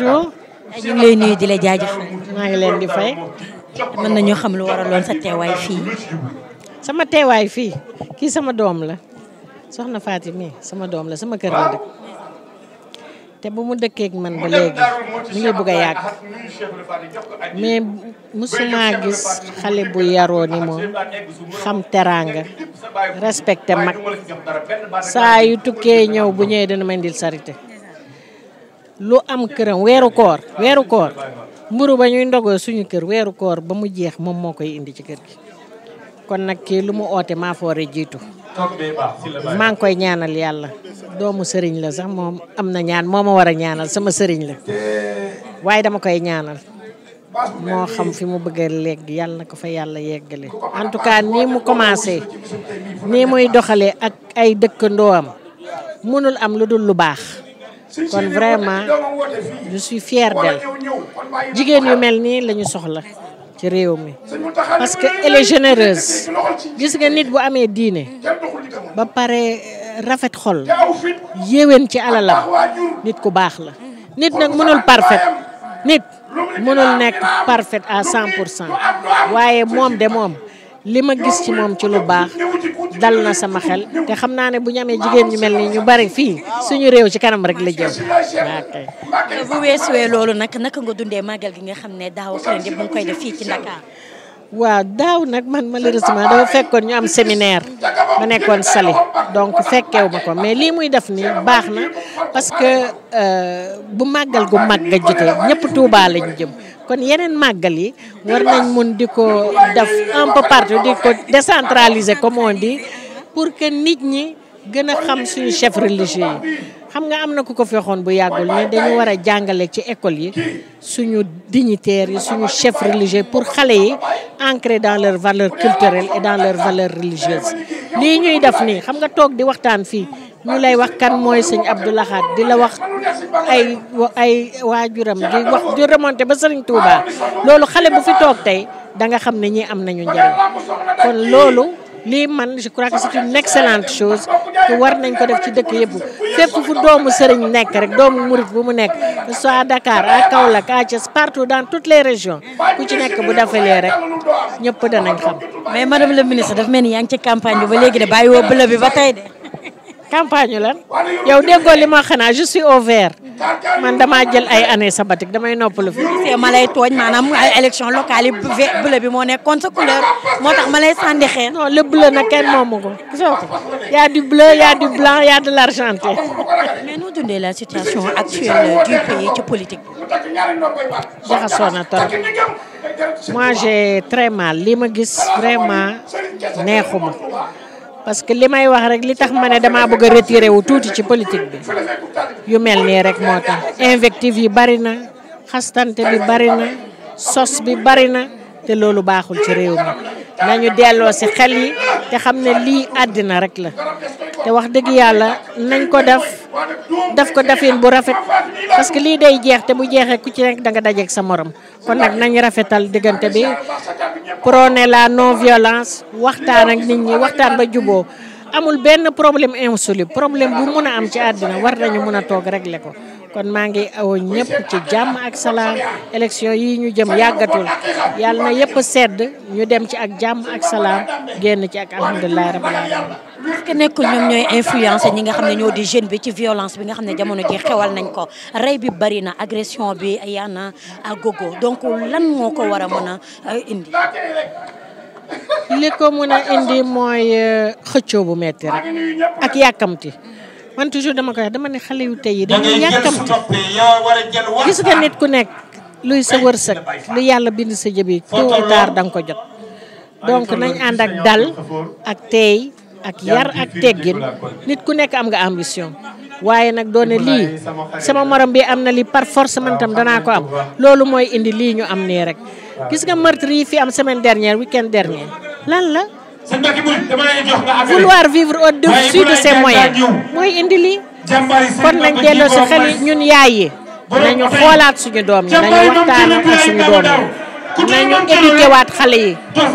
bonjour. ñu ngi lay nuyu di la jaajëfal. maa ngi leen di fay. mën nañoo xam lu loon sa teewaay fii. sama teewaay fii kii sama doom la soxna Fatou mi sama doom la sama kër la dëkk te bu mu dëkkeek man ba léegi mu ngi bëgg a yàgg mais musuma gis xale bu yaroo ni moom xam teraanga respecté mag saa yu tukkee ñëw bu ñëwee dana ma indil sarité lu am këram weeru koor weeru koor mburu ba ñuy ndogoo suñu kër weeru koor ba mu jeex moom moo koy indi ci kër gi kon nag kii lu mu oote maa foore jiitu maa ngi koy ñaanal yàlla doomu sëriñ la sax moom am na ñaan moo ma war a ñaanal sama sëriñ la waaye dama koy ñaanal moo xam fi mu bëgg a yàlla na ko fa yàlla yeggale en tout nii mu commencé nii muy doxalee ak ay dëkkandoowam mënul am lu dul lu baax kon vraiment je suis fière d'elle jigéen yu mel nii la ñu soxla ci réew mi parce que elle est généreuse gis nga nit bu amee diine ba pare euh, rafet xol yéwén ci alalam nit ku baax la nit nag mënul parfait nit mënul nekk parfait à cent pour cent waaye moom de moom li ma gis ci moom ci lu baax dal na sama xel te xam naa ne bu ñamee jigéen ñu mel ni ñu bari fii suñu réew ci kanam rek la jëm bu weesuwee loolu nag naka nga dundee màggal gi nga xam ne daaw ak ren mu koy def fii ci Dakar. waaw daaw nag man malheureusement dafa fekkoon ñu am séminaire ma nekkoon sali donc fekkeewu ma ko mais lii muy def ni baax na parce que euh, bu màggal gu mag nga jotee ñëpp Tuubaa lañu jëm kon yeneen màggal yi war nañ mun di ko def un peu partout di ko décentraliser comme on dit pour que nit ñi gën a xam suñu chef religieux yi xam nga am na ku ko feexoon bu yàggul ne dañu war a jàngale ci école yi suñu dignitaires yi suñu chef religieux pour xale yi ancré dans leur valeur culturelle et dans leur valeur religieuse lii ñuy def nii xam nga toog di waxtaan fii ñu lay wax kan mooy sëñ Abdou Lahad di la wax ay ay waajuram di wax di remonté ba sëriñ Touba loolu xale bu fi toog tey da nga xam ne ñii am nañu njëriñ kon loolu lii man je crois que c'est une chose te war nañ ko def ci dëkk yëpp fépp fu doomu sëriñ nekk rek doomu murit bu mu nekk que ce soit à Dakar à Kaolack à Thiès partout dans toutes les régions ku ci nekk bu defalee rek ñëpp danañ xam. mais madame la ministre daf mel ni campagne bi ba léegi de bàyyi woo bële bi ba tey de. campagne lan yow déggoo li ma xanaa je suis man damaa jël ay année sabbatique damay noppalu fi. gisee ma lay tooñ maanaam ay élection locale yi bleu bi moo nekkoon sa couleur moo tax ma lay sànni xeer. le bleu nag kenn moomu ko gisoo du bleu y du blanc y de l'argenté. mais nu dundee la situation actuelle du pays ci politique bi. jaxasoo na trop moi j'ai très mal li ma gis vraiment neexuma. parce que li may wax rek li tax ma ne damaa bëgg a retiré wu tuuti ci politique bi yu mel nii rek moo tax invective yi bari na xastante bi bari na sos bi bari na te loolu baaxul ci réew mi nañu delloo si xel yi te xam ne lii àddina rek la te wax dëgg yàlla nañ ko def def ko defin bu rafet parce que lii day jeex te bu jeexee ku ci nekk da nga dajeeg sa morom kon nag nañ rafetal diggante bi prôner la non violence waxtaan ak nit ñi waxtaan ba juboo amul benn problème insoluble problème bu mun a am ci àddina war nañu mun a toog rek ko kon maa ngi aw ñëpp ci jàmm ak salaam élection yi ñu jëm yàggatul yàlla na yëpp sedd ñu dem ci ak jàmm ak salaam génn ci ak alhamdulilah rabbil alamin parce que nekkul ñoom ñooy influence ñi nga xam ne ñoo di jeune bi ci violence bi nga xam ne jamono ji xewal nañ ko rey bi bari na agression bi yaa na à gogo donc lan moo ko war a mën a euh, indi. li ko mën indi mooy euh, xëccoo bu metti ak yàkkamti. man toujours dama koy dama ne xale yu tey yi dañu yàkkamti gis nga nit ku nekk luy sa wërsëg lu yàlla bind sa jëbi tôt ou tard da nga ko jot donc nañ ànd ak dal ak teey ak yar ak teggin nit ku nekk am nga ambition waaye nag doone lii sama morom bi am na li par force man tam ah, danaa ko am loolu mooy indi lii ñu am nii rek ah. gis nga meurtre yi fi am semaine dernière week-end dernier ah. lan la vouloir vivre au-dessus de ses moyens mooy indi lii kon nañ delloo si xel ñun yaay yi nañu xoolaat suñu doom yi nañu waxtaan ak suñu doom yi nañu éduqué waat xale yi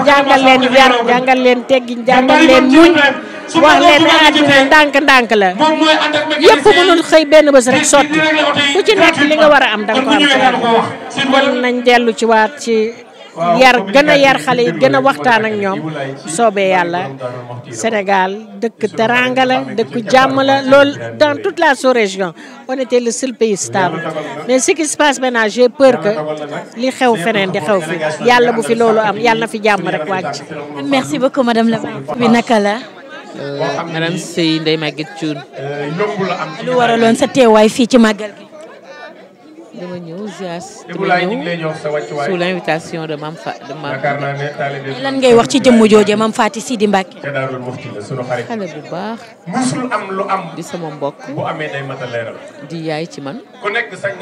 jàngal leen yar jàngal leen teggin jàngal leen muñ wax leen ne àddina ndànk-ndànk la yëpp mënul xëy benn bés rek sotti ku ci nekk li nga war a am da nga ko am ci àddina kon nañ dellu ci waat ci yar gën a yar xale yi gën a waxtaan ak ñoom soobee yàlla Sénégal dëkk teranga la dëkk jàmm la loolu dans toute la sous-région on était le seul pays stable mais ce qui se passe maintenant que li xew feneen di xew fi yàlla bu fi loolu am yàlla na fi jàmm rek wàcc. merci beaucoup madame la bi naka la. madame Seye Ndeye Maguette Thioune. Euh, lu waraloon sa teewaay fii ci màggal dama ñëw ziar. Ibulaay ñu ngi lay sa wàccuwaay sous l'invitation de Mame Fa de man yaakaar naa ne taalibe bi ngay wax ci jëmm joojee Mame Faty Sidi Mbacke. te daal doon waxtu la xale bu baax. musul am lu am. di sama mbokk. di yaay ci man. ku nekk sañ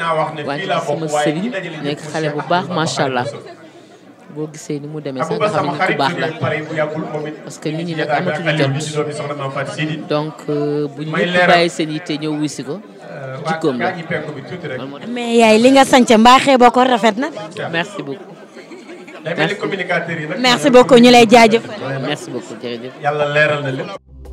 nekk xale bu baax macha allah. boo gisee ni mu demee sax nga xam ne ku baax la parce que nit ñi nag amatuñu jot donc euh, bu ñu ñëpp bàyyi seen yitte ñëw wisi ko euh, jikkoom la. mais yaay li nga sànc mbaa xeeboo ko rafet na. merci beaucoup. merci communicateurs ñu lay jaajëfal. merci beaucoup jërëjëf.